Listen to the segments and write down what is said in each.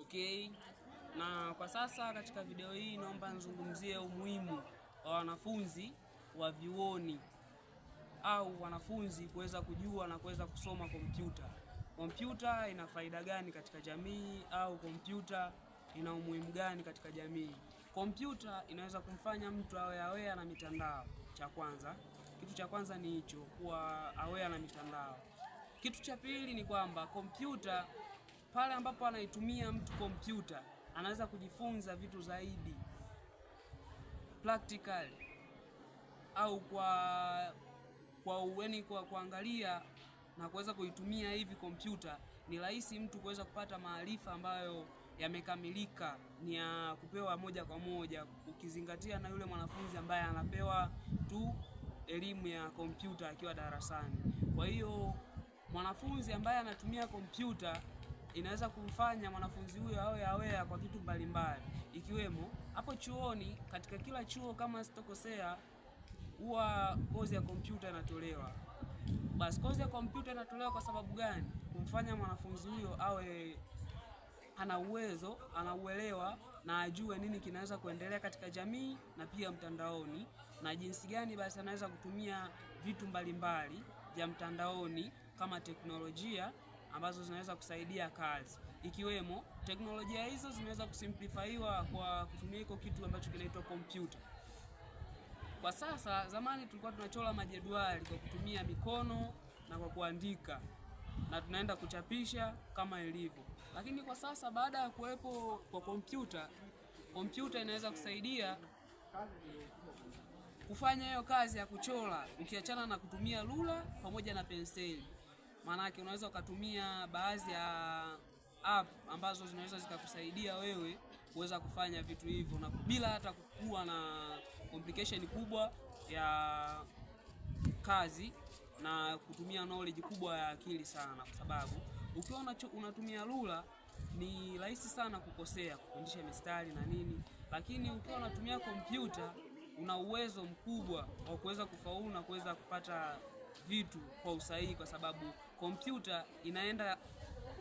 Okay, na kwa sasa katika video hii naomba nizungumzie umuhimu wa wanafunzi wa vyuoni au wanafunzi kuweza kujua na kuweza kusoma kompyuta. Kompyuta ina faida gani katika jamii au kompyuta ina umuhimu gani katika jamii? Kompyuta inaweza kumfanya mtu awe awea na mitandao. Cha kwanza, kitu cha kwanza ni hicho, kuwa awe na mitandao. Kitu cha pili ni kwamba kompyuta pale ambapo anaitumia mtu kompyuta anaweza kujifunza vitu zaidi practical au kwa kwa uweni kwa kuangalia na kuweza kuitumia hivi kompyuta, ni rahisi mtu kuweza kupata maarifa ambayo yamekamilika, ni ya kupewa moja kwa moja, ukizingatia na yule mwanafunzi ambaye anapewa tu elimu ya kompyuta akiwa darasani. Kwa hiyo mwanafunzi ambaye anatumia kompyuta inaweza kumfanya mwanafunzi huyo awe awea kwa vitu mbalimbali, ikiwemo hapo chuoni. Katika kila chuo kama sitokosea, huwa kozi ya kompyuta inatolewa. Basi kozi ya kompyuta inatolewa kwa sababu gani? Kumfanya mwanafunzi huyo awe ana uwezo, anauelewa na ajue nini kinaweza kuendelea katika jamii na pia mtandaoni, na jinsi gani basi anaweza kutumia vitu mbalimbali vya mtandaoni kama teknolojia ambazo zinaweza kusaidia kazi, ikiwemo teknolojia hizo zimeweza kusimplifaiwa kwa kutumia iko kitu ambacho kinaitwa kompyuta. Kwa sasa, zamani tulikuwa tunachora majedwali kwa kutumia mikono na kwa kuandika na tunaenda kuchapisha kama ilivyo, lakini kwa sasa baada ya kuwepo kwa kompyuta, kompyuta inaweza kusaidia kufanya hiyo kazi ya kuchora ukiachana na kutumia lula pamoja na penseli maanake unaweza ukatumia baadhi ya app ambazo zinaweza zikakusaidia wewe kuweza kufanya vitu hivyo na bila hata kuwa na complication kubwa ya kazi na kutumia knowledge kubwa ya akili sana, kwa sababu ukiwa unatumia lula ni rahisi sana kukosea kufundisha mistari na nini, lakini ukiwa unatumia kompyuta una uwezo mkubwa wa kuweza kufaulu na kuweza kupata vitu kwa usahihi, kwa sababu kompyuta inaenda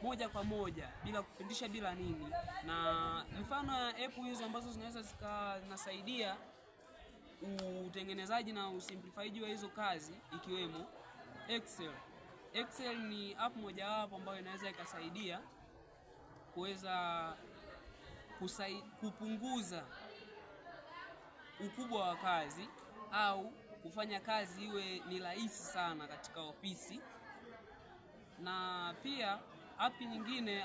moja kwa moja bila kupindisha bila nini, na mfano ya app hizo ambazo zinaweza zikanasaidia utengenezaji na usimplifaiji wa hizo kazi ikiwemo Excel. Excel ni app mojawapo ambayo inaweza ikasaidia kuweza kupunguza ukubwa wa kazi au kufanya kazi iwe ni rahisi sana katika ofisi, na pia app nyingine